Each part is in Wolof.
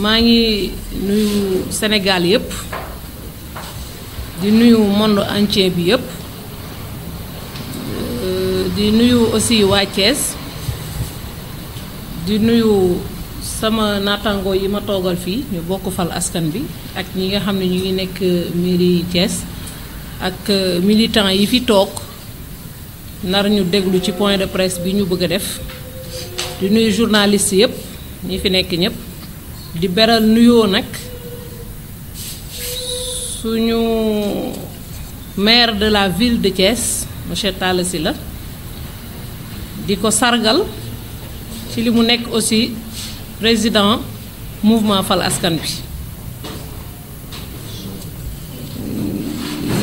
maa ngi nuyu Sénégal yépp di nuyu monde entier bi yépp euh, di nuyu aussi waa Thiès di nuyu sama naataangoo yi ma toogal fii ñu bokk fal askan bi ak ñi nga xam ne ñu ngi nekk mairie Thiès ak euh, militant yi fi toog nar ñu déglu ci point de presse bi ñu bëgg a def di nuyu journaliste yépp ñi fi nekk ñépp di beral nuyoo nag suñu maire de la ville de Thiès monsieur Talla Sylla di ko sargal ci li mu nekk aussi président mouvement Fal Askan bi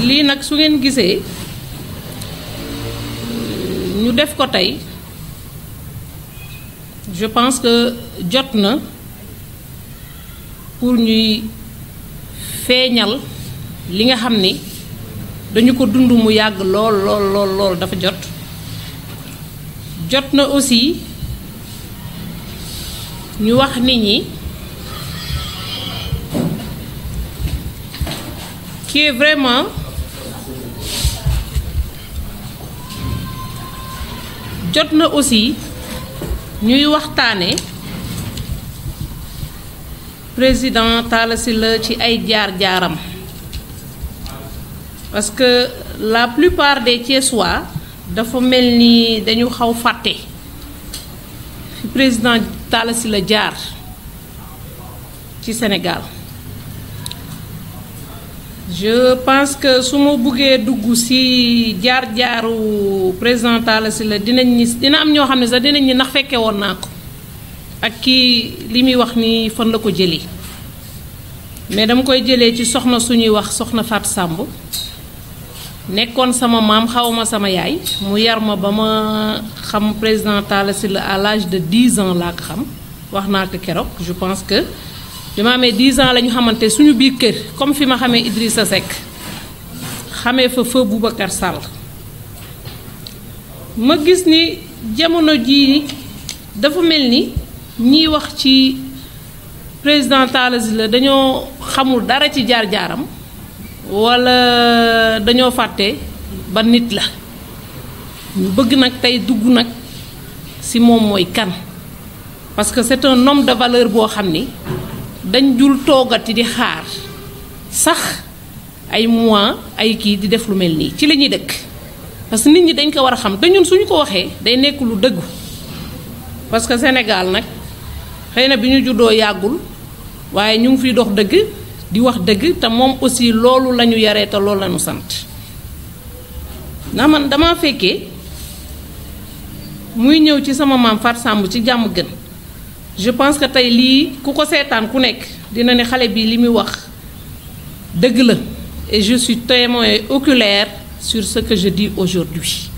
lii nag su ngeen ñu def ko tey je pense que jot pour ñuy feeñal li nga xam ni dañu ko dund mu yàgg lool lool lool lool dafa jot jot na aussi ñu wax nit ñi qui est vraiment jot na aussi ñuy waxtaanee président Talla Sylla ci ay jaar-jaaram parce que la plupart des Thiessois dafa mel ni dañu xaw fàtte président Talla Sylla jaar ci Sénégal je pense que su ma buggee dugg ci jaar-jaaru président Talla Sylla dinañ ñi dina am ñoo xam ne sax dinañ ñi ndax woon ak kii li muy wax nii fan la ko jëlee mais dama koy jëlee ci soxna suñuy wax soxna Fat Samb nekkoon sama maam xawma sama yaay mu yar ma ba ma xam président Talla Sylla à l'âge de 10 ans laa ko xam wax naa ko keroog je pense que bi ma amee 10 ans la ñu xamante suñu biir kër comme fi ma xamee sa Seck xamee fa feu Boubacar Sall ma gis ni jamono jii dafa mel ni ñi wax ci président Talla Sylla dañoo xamul dara ci jaar-jaaram wala dañoo fàtte ba nit la ñu bëgg nag tey dugg nag si moom mooy kan parce que c'est un homme de valeur boo xam ni dañ jul toogati di xaar sax ay mois ay kii di def lu mel nii ci la ñuy dëkk parce que nit ñi dañ ko war a xam ñun suñu ko waxee day nekk lu dëggu parce que Sénégal nag xeyna na bi ñu juddoo yàggul waaye ñu ngi fi dox dëgg di wax dëgg te moom aussi loolu la yare yaree te loolu la sant ndax man dama fekkee muy ñëw ci sama maam far Samb ci jàmm gën je pense que tey lii ku ko seetaan ku nekk dina ne xale bi li muy wax dëgg la et je suis témoin oculaire sur ce que je dis aujourd'hui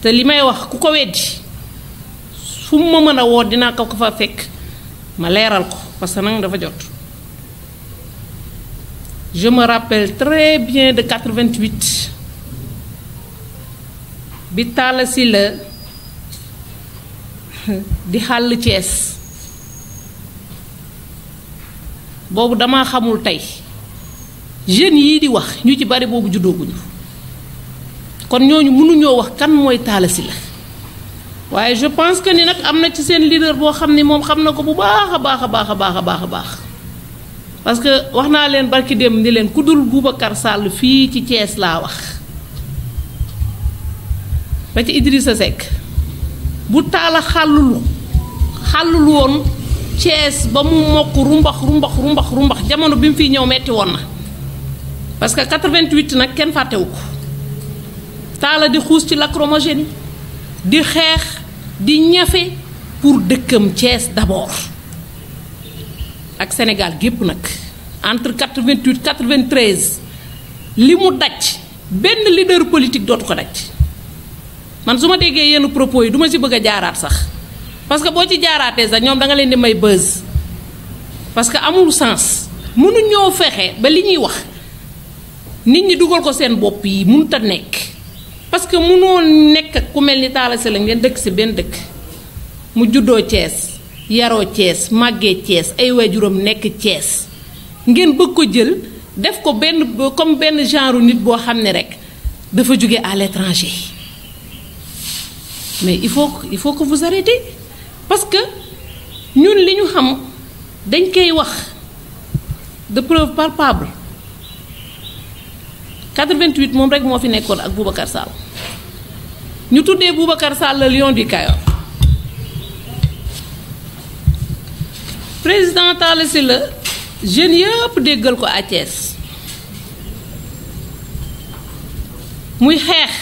te li may wax ku ko weddi fu mu ma mën a ko ko fa fekk ma leeral ko parce que nag dafa jot je me rappelle très bien de 88 bi Talla Sylla di xàll Thiès boobu dama xamul tey jeune yii di wax ñu ci bari boobu juddooguñu kon ñooñu mënuñoo wax kan mooy Talla Sylla waaye je pense que ni nag am na ci seen leader boo xam ni moom xam na ko bu baax a baax a baax a baax a baax a baax parce que wax naa leen barki dem ni leen ku dul Boubacar Sall fii ci Thiès laa wax ba ci Idrissa Seck bu taala xàllulu xàllul woon Thiès ba mu mokk rumbax rumbax rumbax rumbax jamono bi mu fiy ñëw metti woon na parce que 88 nag kenn fàttewu ko taala di xuus ci lacrymogène di xeex di ñafé pour dëkkam Thiès d'abord ak Sénégal gépp nag entre 88 93 li mu daj benn leader politique dootu ko daj man su ma déggee yenn propos yi du ma si bëgg a jaaraat sax parce que boo ci jaaraatee sax ñoom da nga leen di may buzz parce que amul sens mënu ñoo fexe ba li ñuy wax nit ñi dugal ko seen bopp yi mënut a nekk parce que mënoo nekk ku mel ni Talla Sylla ngeen dëkk si benn dëkk mu juddoo Thiès yaroo Thiès màggee Thiès ay waajuram nekk Thiès ngeen bëgg ko jël def ko benn comme benn genre nit boo xam ne rek dafa jóge à l'étranger mais il faut il faut que vous arrêtez parce que ñun li ñu xam dañ koy wax de preuve palpable 88 mom rek mo fi nekkon ak Boubacar Sall ñu tuddé Boubacar Sall le lion du Kayor président Talla le jeune yépp déggal ko à Thiès muy xex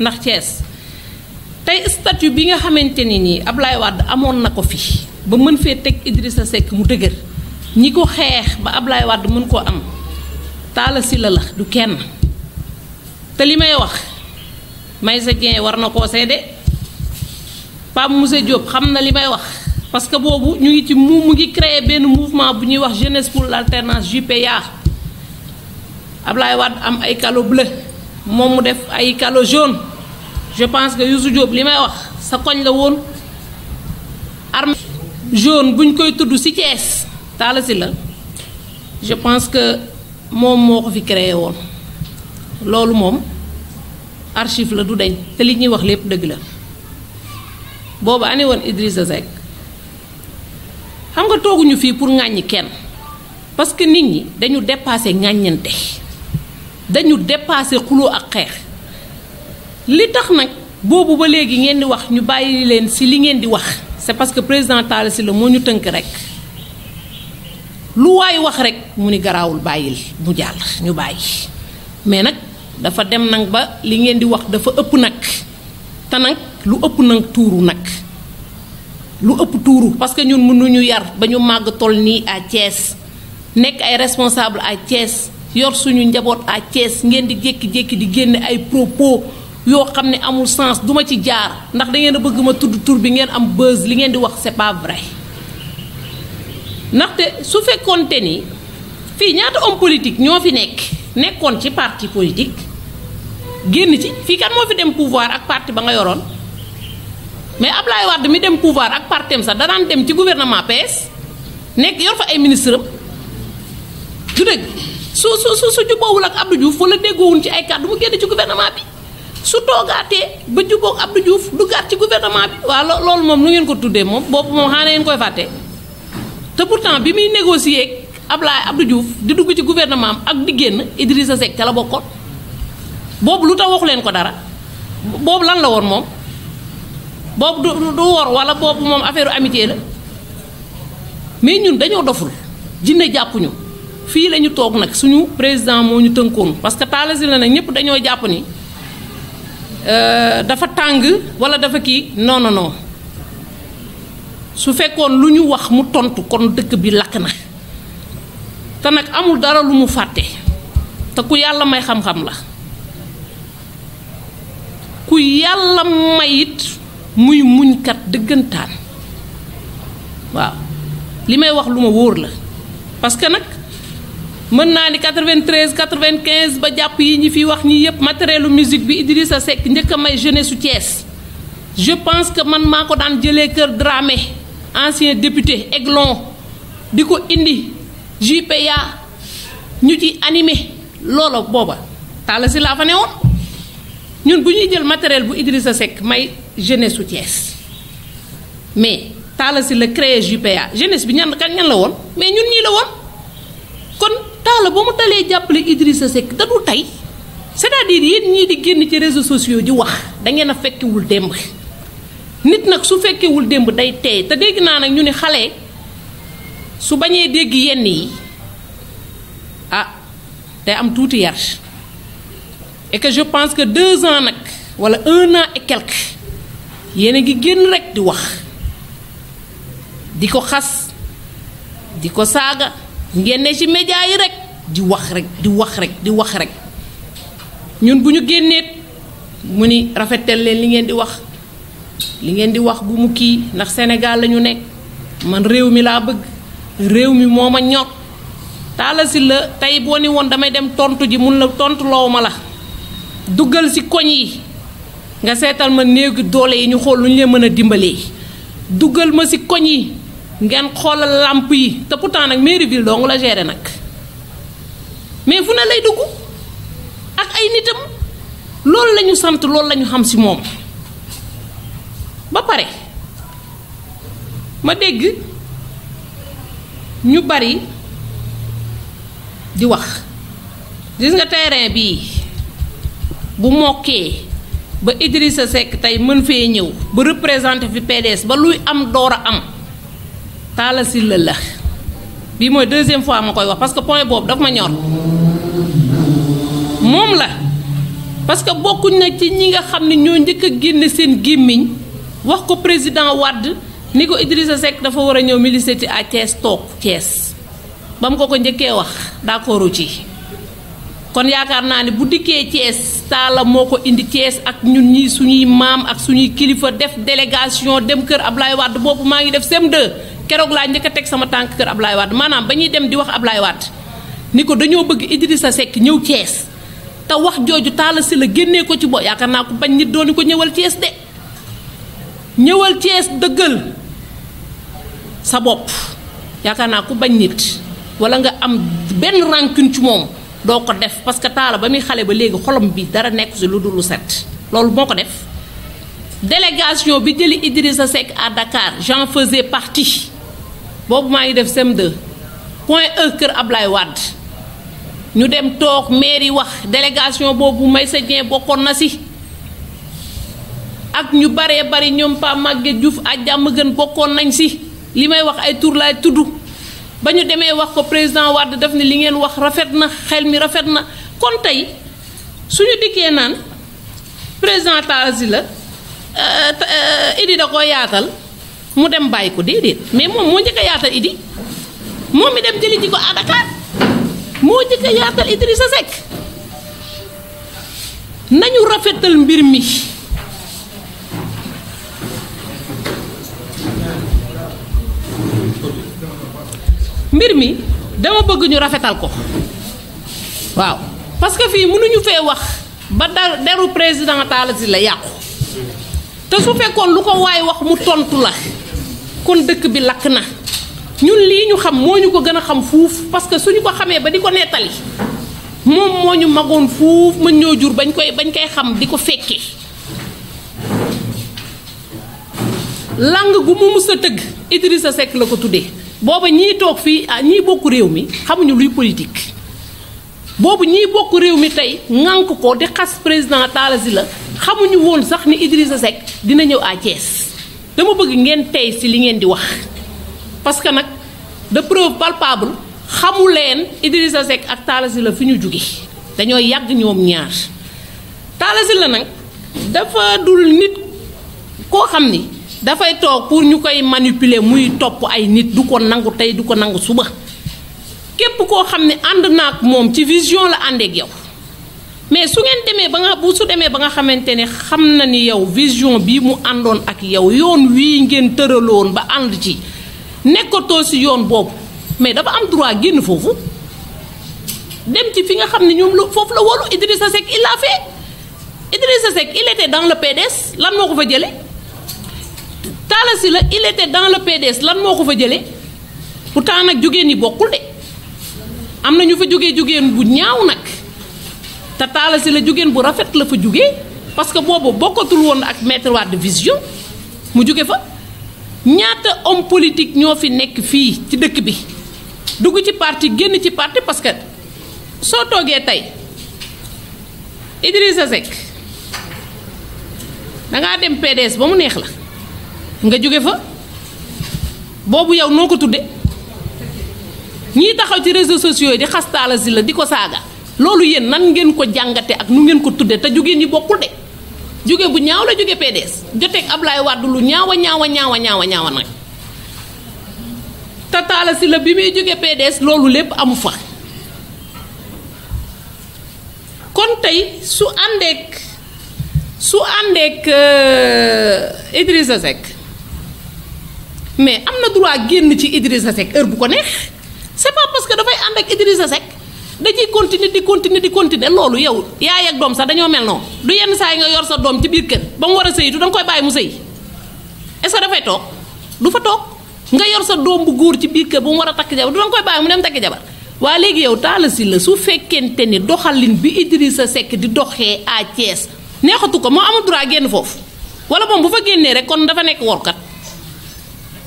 ndax Thiès tay statut bi nga xamanteni ni nii Ablaye Wade amoon fi ba mën fe tek Idrissa Seck mu dëgër ñi ko xeex ba Ablaye Wad mën ko am Talla la du kenn te li may wax Maïssa Dieng war na koo seede Pape Moussa Diop xam na li may wax parce que bobu ñu ngi ci mu mu ngi créer ben mouvement bu ñuy wax jeunesse pour l'alternance JPA Ablaye Wad am ay calo bleu moom mu def ay calo jaune je pense que Youssou Diop li may wax sa koñ la won arme jaune buñ koy tuddu ci Thiès taalasi la je pense que moom moo ko fi créer won loolu moom archive la du dañ te li ñuy wax lépp dëgg la boobu ane woon Idrissa Seck xam nga tooguñu fii pour ŋàññi kenn parce que nit ñi dañu dépassé ŋàññante dañu dépassé xuloo ak xeex li tax nag boobu ba léegi ngeen di wax ñu bàyyi leen si li ngeen di wax c'est parce que président Talla la moo ñu tënk rek lu waay wax rek mu ni garaawul bàyyil mu jàll ñu bàyyi mais nag dafa dem nag ba li ngeen di wax dafa ëpp nag te nag lu ëpp nag tuuru nag lu ëpp tuuru parce que ñun mënuñu yar ba ñu màgg toll nii à Thiès nekk ay responsable à Thiès yor suñu njaboot à Thiès ngeen di jékki-jékki di génn ay propos yoo xam ne amul sens duma ci jaar ndax da ngeen a bëgg ma tudd tur bi ngeen am buzz li ngeen di wax c'est vrai ndaxte su fekkoonte ni fii ñaata homme politique ñoo fi nekk nekkoon ci parti politique génn ci fii kan moo fi dem pouvoir ak parti ba nga yoroon mais Ablaye Wade mi dem pouvoir ak partem sax danaan dem ci gouvernement PS nekk yor fa ay ministre am du dëgg su su su su jubboowul ak Abdou Diouf wala déggoowun ci ay kàddu mu génn ci gouvernement bi su toogaatee ba jubboog Abdou Diouf duggaat ci gouvernement bi waaw lo loolu moom nu ngeen ko tuddee moom boobu moom xaana ngeen koy fàtte te pourtant bi muy négocier Ablaye Abdou Diouf di dugg ci gouvernement am ak di génn Idrissa Seck ca la bokkoon boobu lu tax waxu leen ko dara boobu lan la woon moom boobu du du wor wala boobu moom affaire amitié la mais ñun dañoo doful jinne jàppuñu fii la ñu toog nag suñu président moo ñu tënkoon parce que taalasi la nag ñëpp dañoo jàpp ni euh, dafa tàng wala dafa kii non non su fekkoon lu ñu wax mu tontu kon dëkk bi lakk na te nag amul dara lu mu fàtte te ku yàlla may xam-xam la. ku yàlla mayit muy muñkat dëggantaan waaw li wax la parce que nag ni 93 95 ba jàpp yi ñi fi wax ñi yépp matériel musique bi Idrissa Seck may jeunesse je pense que man maa ko daan Dramé ancien député Aiglon du ko indi JPA ñu ci animé loola booba Talla fa ñun bu ñuy jël matériel bu Idrissa Seck may jeunesse su Thiès mais taala si le créé JPA jeunesse bi ñan kan ñan la woon mais ñun ñii la woon kon taala bu mu talee jàppale Idrissa Seck da du tey c' est à dire yéen ñii di génn ci réseaux sociaux di wax da ngeen a fekkiwul démb nit nag su fekkiwul démb day teey te dégg naa nag ñu ni xale su bañee dégg yenn yi ah day am tuuti yar et que je pense que deux ans nak wala un an et quelques yene gi ngi rek di wax diko ko diko saga ngene ci media yi rek di wax rek di wax rek di wax rek ñun bu ñu muni rafetel leen li ngeen di wax li ngeen di wax bu mu ki nak senegal lañu nek man rew mi la bëgg rew mi moma ñor taala la tey damay dem tontu ji mun la tontu lawuma la duggal ci koñ yi nga seetal ma néegu doole yi ñu xool lu ñu leen mën a dimbalee duggal ma ci koñ yi ngeen xoolal làmp yi te pourtant nag mairie ville dong la gere nag mais fu ne lay dugg ak ay nitam loolu lañu ñu sant loolu la xam ci moom ba pare ma dégg ñu bari di wax gis nga terrain bii bu mokkee ba Idrissa Seck tey mën fee ñëw ba représenté fi PDS ba luy am door a am Talla Sylla la bii mooy deuxième fois ma koy wax parce que point boobu daf ma ñor moom la parce que bokkuñ na ci ñi nga xam ne ñoo njëkk a génne seen gémmiñ wax ko président wadd ni ko Idrissa Seck dafa war a ñëw milicité à Thiès toog Thiès ba mu ko ko njëkkee wax d'accordu ci kon yaakaar naa ne bu dikkee Thiès taala moo ko indi Thiès ak ñun ñi suñuy maam ak suñuy kilifa def délégation dem kër Ablaye Wade boobu maa ngi def sem 2 keroog laa njëkk a teg sama tànk kër Ablaye Wade maanaam ba dem di wax Ablaye Wade ni ko dañoo bëgg Idrissa Seck ñëw Thiès te wax jooju taala si la génnee ko ci bo yaakaar naa ko bañ nit doon ko ñëwal Thiès de ñëwal Thiès dëggal sa bopp yaakaar naa ku bañ nit wala nga am benn rancune ci moom doo ko def parce que taala ba muy xale ba léegi xolom bi dara nekk si lu dul lu set loolu moo ko def délégation bi jëli Idrissa Seck à Dakar j'en faisais partie boobu maa ngi def sem deux point E kër Ablaye Wade ñu dem toog mairie wax délégation boobu Maysa Dieng bokkoon na si ak ñu bare bari ñoom pas Magge Diouf ak jàmm gën bokkoon nañ si li may wax ay tour laay tudd. ba ñu demee wax ko président Wade daf ne li ngeen wax rafet na xel mi rafet na kon tey suñu dikkee naan président Talla la euh, euh, Idi da ko yaatal mu dem bàyyi ko déedéet mais moom moo njëkk a yaatal Idi moom mi dem jëli ji ko à Dakar moo njëkk a yaatal Idrissa Seck nañu rafetal mbir mi. mbir mi dama bëgg ñu rafetal ko waaw parce que fii mënuñu fee wax ba deru président Talla la yàqu te su fekkoon lu ko waay wax mu tontu la kon dëkk bi lakk na ñun lii ñu xam moo ñu ko gën a xam fuuf parce que suñu ko xamee ba di ko nettali moom moo ñu magoon ñoo jur bañ koy bañ koy xam di ko fekkee lang gu mu mus a Idrissa Seck la ko tuddee booba ñii toog fii ah, ñii bokk réew mi xamuñu luy politique boobu ñii bokk réew mi tey ŋànk ko di xas président Talla la xamuñu woon sax ni Idrissa Seck dina ñëw à Thiès dama bëgg ngeen tey si li ngeen di wax parce que nag de preuve palpable xamu leen Idrissa Seck ak Talla la fi ñu jóge dañoo yàgg ñoom ñaar Talla la nag dafa dul nit koo xam ni fay tok pour ñukay manipuler muy top ay nit du ko nangu tay du ko nangu suba kep ko xam and ànd naag ci vision la ak yow mais su ngeen demee ba nga bu su ba nga xamantene ne ni yow vision bi mu andon ak yow yoon wi ngeen tëraloon ba and ci nekkatoo si yoon bop mais dafa am droit génn fofu dem ci fi nga xam ñoom la la wolu Idrissa sek il a fait Idrissa sek il était dans le PDS lan moko fa jëlé Talla Sylla il était dans le PDS lan moko fa jëlee pourtant nak jugé ni bokul de amna ñu fa jógee jugéen bu ñaaw nag te Talla Sylla jugéen bu rafet la fa jugee parce que boobu bokatul won ak maître Wade vision mu jóge fa ñaata homme politique ño fi nek fi ci dëkk bi dugg ci parti génn ci parti parce que so togué tay Idrissa Seck nga dem PDS ba mu neex la nga joge fa bobu yow noko tudde ñi taxaw ci réseaux sociaux di xastala zil di ko saaga loolu yeen nan ngeen ko jangate ak nu ngeen ko tudde ta joge ñi bokul de joge bu ñaaw la joge PDS jotek Ablaye wadu lu ñaawa ñaawa ñaawa ñaawa ñaawa nak ta taala si bi mi joge PDS loolu lepp amu fa kon tay su andek su andek euh Idrissa Seck mais am na droit génn ci Idrissa Seck heure bu ko neex c' est pas parce que dafay ànd ak Idrissa Seck da ciy continuer di continuer di continuer loolu yow yaay ak doom sax dañoo mel noonu du yenn saa yi nga yor sa doom ci biir kër ba mu war a sëyitu da koy bàyyi mu sëy est dafay toog du fa toog nga yor sa doom bu góor ci biir kër ba mu war a takk jabar du da koy bàyyi mu dem takk jabar waa léegi yow Talla la su fekkente ni doxalin bi Idrissa Seck di doxee à Thiès neexatu ko moo amul droit génn foofu wala moom bu fa génnee kon dafa nekk workat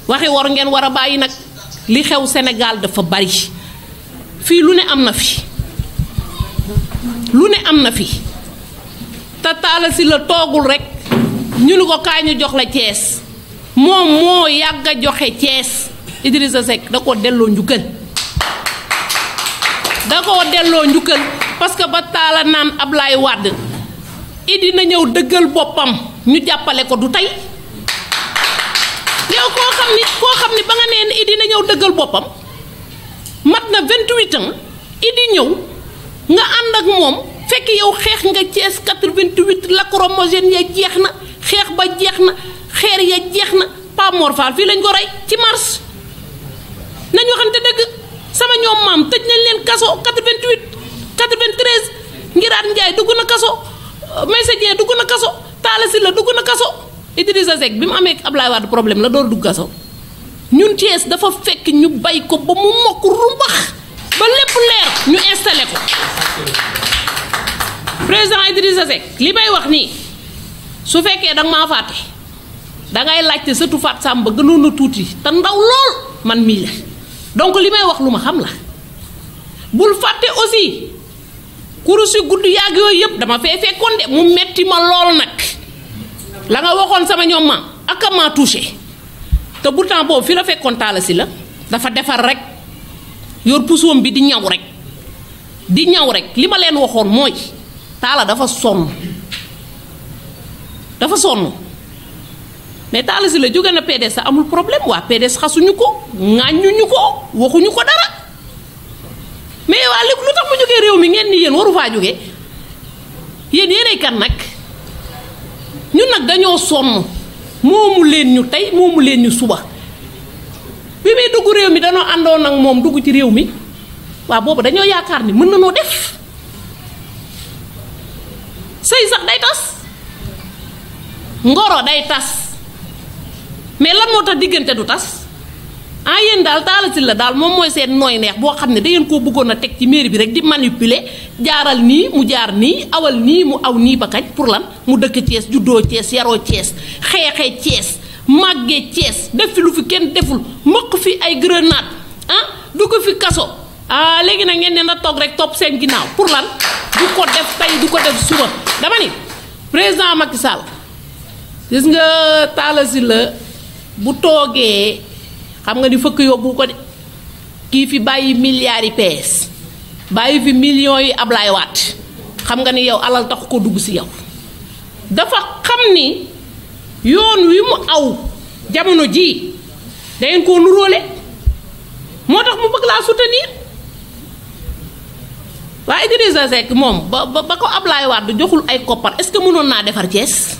waxi wor ngeen war a bàyyi nag li xew Sénégal dafa bari fii lu ne am na fi lu ne am na fi te Talla la toogul rekk ñu ni ko kaay ñu jox la Thiès moom moo yàgg a joxe Thiès Idrissa Seck da koo delloo njukkal da koo delloo njukkal parce que ba taala naan ab Ablaye Wade Idi na ñëw dëggal boppam ñu jàppale ko du tey xam ni koo xam ni ba nga nee ni Idi na ñëw dëggal boppam mat na 28 ans Idi ñëw nga ànd ak moom fekk yow xeex nga Thiès 88 lacrymogène ya jeex na xeex ba jeex na xeer ya jeex na Pa Mor Fall fii lañ ko rey ci mars nañ te dëgg sama ñoom maam tëj nañ leen kaso 88 93 Ngiraat Njaay dugg na kaso Maysa Dieng dugg na kaso Talla Sylla dugg na kaso. Idrissa Seck bi mu amee Ablaye Wade problème la door dugg kaso ñun Thiès dafa fekk ñu bay ko ba mu mokk rumbax ba lépp leer ñu installé ko président Idrissa Seck li may wax nii su fekkee danga maa fàtte dangay laajte sëtu Fat Samba gënoon a tuuti te ndaw lool man mii la donc li may wax lu ma xam la bul fàtte aussi kurus yu gudd yàgg yooyu yëpp dama fee fekkoon de mu metti ma lool nag la nga sama ñom ma ak ma touché te pourtant bo fi la fekkoon taala si la dafa defar rek yor pusoom bi di ñaw rek di ñaw rek lima len leen moy dafa son dafa son mais taala si la na PDS amul problème wa PDS xasuñu ko ŋàññuñu ko waxuñu ko dara mais wa léegi lutax mu rekanak. rew mi ngeen ni yeen waru fa yeen yene kan nak ñu nag dañoo sonn moomu leen ñu tey moomu leen ñu suba bi muy dugg réew mi dañoo àndoon ak moom dugg ci réew mi waaw boobu dañoo yaakaar ni mën na noo def sëy sax day tas ngoro day tas mais lan moo tax diggante du tas ah yéen daal Talla la daal moom mooy seen nooy neex boo xam ne da ngeen koo bëggoon a teg ci mairie bi rek di manipuler jaaral nii mu jaar nii awal nii mu aw nii ba kañ pour lan mu dëkk Thiès juddoo Thiès yaroo Thiès xeexee Thiès màggee Thiès def fi lu fi kenn deful mokk fi ay grenade ah du ko fi kaso ah léegi nag ngeen ne na toog rek topp seen ginnaaw pour lan du ko def tey du ko def suba dama ni président Macky Sall gis nga Talla Sylla bu toogee. xam nga ni fëkk yóbbu ko de kii fi bàyyi milliards yi PS bàyyi fi millions yi ablaay waat xam nga ni yow alal tax ko dugg si yow dafa xam ni yoon wi mu aw jamono ji dangeen koo nuróole moo tax mu bëgg laa soutenir waaye Idrissa Seck moom ba ba ko ablaay waat joxul ay koppar est ce que mënoon naa defar Thiès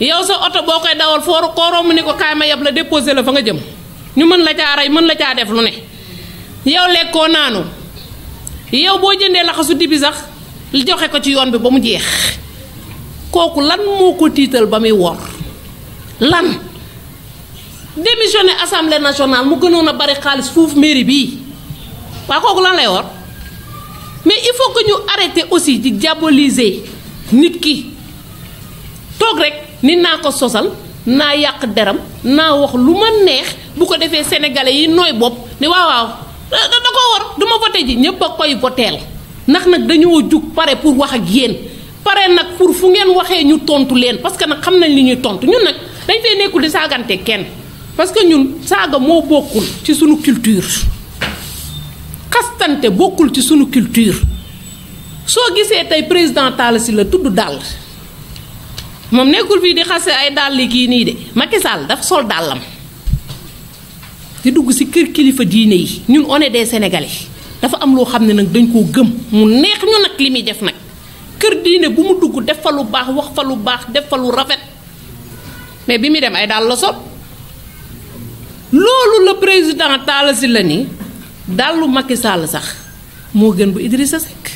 yow sa oto boo koy dawal foo koo romb ni ko kaay ma yeb la déposé la fa nga jëm ñu mën la caa rey mën la caa def lu ne yow lekkoo naanu yow boo jëndee laxasu dibi sax joxe ko ci yoon bi ba mu jeex kooku lan moo ko tiital ba muy wor lan démissionné assemblée nationale mu gënoon a bari xaalis foofu mairie bii waa kooku lan lay wor mais il faut que ñu arrêté aussi di diaboliser nit ki toog rek ni ko sosal naa yàq deram naa wax lu ma neex bu ko defee sénégalais yi nooy bopp ne waaw da ko war du voté ji a koy pare pour wax ak pare nag pour fu ngeen ñu tontu leen parce que nag xam nañ li ñuy tontu ñun nag dañ fee parce que ñun saaga moo bokkul ci culture Kastante bokkul ci culture soo gisee tey président Talla la moom nekkul fii di xase ay dàll kii nii de Macky Sall dafa sol dàllam di dugg si kër kilifa diine yi ñun on est des sénégalais dafa am loo xam ne nag dañ koo gëm mu neex ñu nag li muy def nag kër diine bu mu dugg def fa lu baax wax fa lu baax def fa lu rafet mais bi muy dem ay dàll la sol loolu la président Talla la ni dàllu Macky Sall sax moo gën bu sa Seck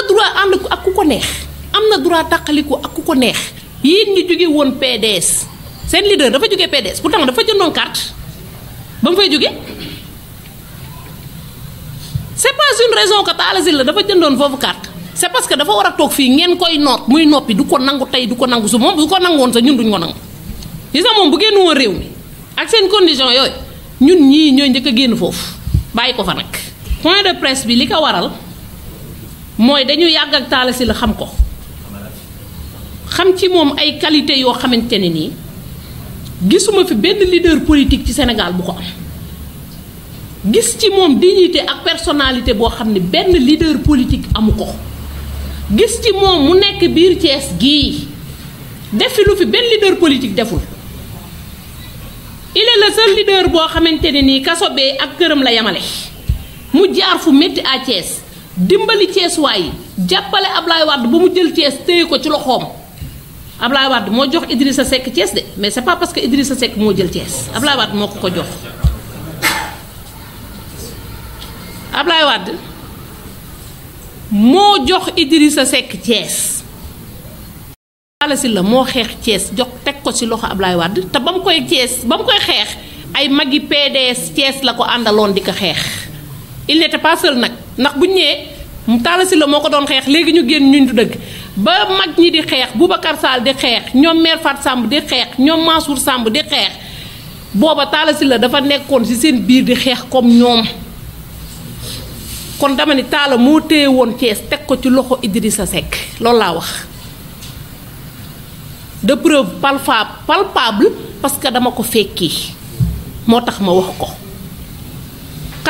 na droit ànd ak ku ko neex am na droit tàqaliku ak ku ko neex yéen ñi jóge woon PDS seen leader dafa pedes PDS pourtant dafa jëndoon kart ba mu fay jóge c'est pas une raison que Talla la dafa jëndoon foofu kart c'est parce que dafa war a toog fii ngeen koy noot muy noppi du ko nangu tey du ko nangu su moom bu ko nangoon sax ñun duñ ko nangu gis sax moom bu génn woon réew mi ak seen condition yooyu ñun ñii ñooy njëkk a génn foofu bàyyi ko fa nag point de presse bi li ko waral mooy dañu yàgg ak Talla la xam ko xam ci moom ay qualité yoo xamante ne nii gisuma fi benn leader politique ci Sénégal bu ko am gis ci moom dignité ak personnalité boo xam ne benn leader politique amu ko gis ci moom mu nekk biir Thiès gii def fi lu fi benn leader politique deful il est le seul boo xamante ne nii kaso bee ak këram la yemale mu jaar fu métti à Thiès. dimbali Cees waay yi jàppale ab Ablaye Wade ba mu jël Cees téye ko ci loxoom Ablaye Wade moo jox Idrissa sekk Cees de mais c'est pas parce que Idrissa Seck moo jël Cees Ablaye Wade moo ko ko jox. Ablaye Wade moo jox Idrissa Seck Cees. Alla Sylla moo xeex Cees jox teg ko si loxo Ablaye Wade te ba mu koy Cees ba mu koy xeex ay magi PDS Cees la ko àndaloon di ko xeex il n'était pas seul nag. ndax bu ñu ñëwee Talla Sylla moo ko doon xeex léegi ñu génn ñu du dëgg ba mag ñi di xeex bu Boubacar Sall di xeex ñoom Mère sàmb di xeex ñoom Mansour sàmb di xeex booba Talla la dafa nekkoon ci seen biir di xeex comme ñoom kon dama ne taala moo téye woon Thiès teg ko ci loxo Idrissa Seck loolu laa wax de preuve palpable parce que dama ko fekki moo tax ma wax ko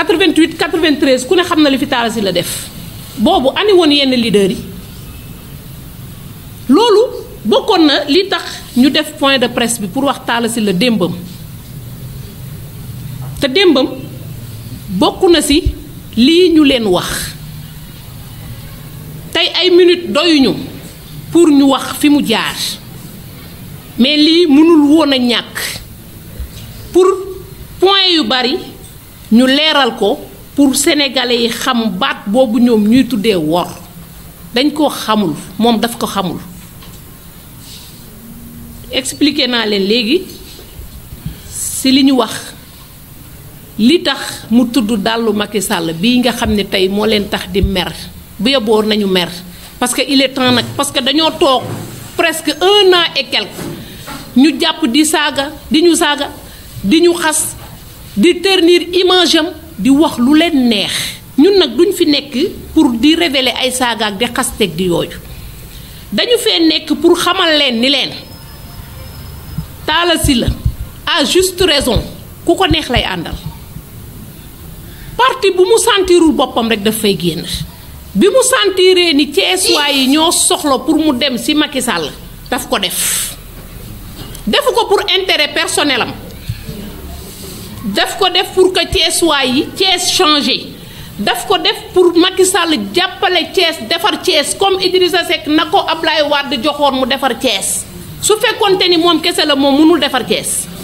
88 93 ku ne xam li fi Talla la def bobu ani won yenn leader yi lolou bokon na li tax ñu def point de presse bi pour wax Talla le dembam te dembam bokku na si li ñu leen wax tay ay minutes doyuñu pour ñu wax fi mu jaar mais li mënul wona a pour point yu bari ñu leeral ko pour sénégalais yi xam baat boobu ñoom ñuy tuddee wor dañ ko xamul moom daf ko xamul expliqué naa leen léegi ci li ñu wax li tax mu tudd dàllu Macky sàll bi nga xam ne tey moo leen tax di mer bu yeboor nañu mer parce que il est nag parce que dañoo toog presque un an et quelque ñu jàpp di saaga di ñu saaga di ñu xas di ternir image de di wax lu leen neex ñun duñ fi nekk pour di révéler ay saaga ak di xasteeg di dañu nekk pour xamal leen ni leen à juste raison ku ko neex lay àndal parti bu mu sentirul boppam rek daf fay génn bi mu sentiree ni Ceesuwaay yi ñoo pour mu dem ci Macky daf ko def defu pour intérêt personnel daf ko def pour que Thiessois yi Thiès changé daf ko def pour Macky sàll jàppale Thiès defar Thiès comme Idrissa Seck na ko Ablaye Wade joxoon mu defar Thiès su fekkoonte ni moom kese la moom mënul defar Thiès.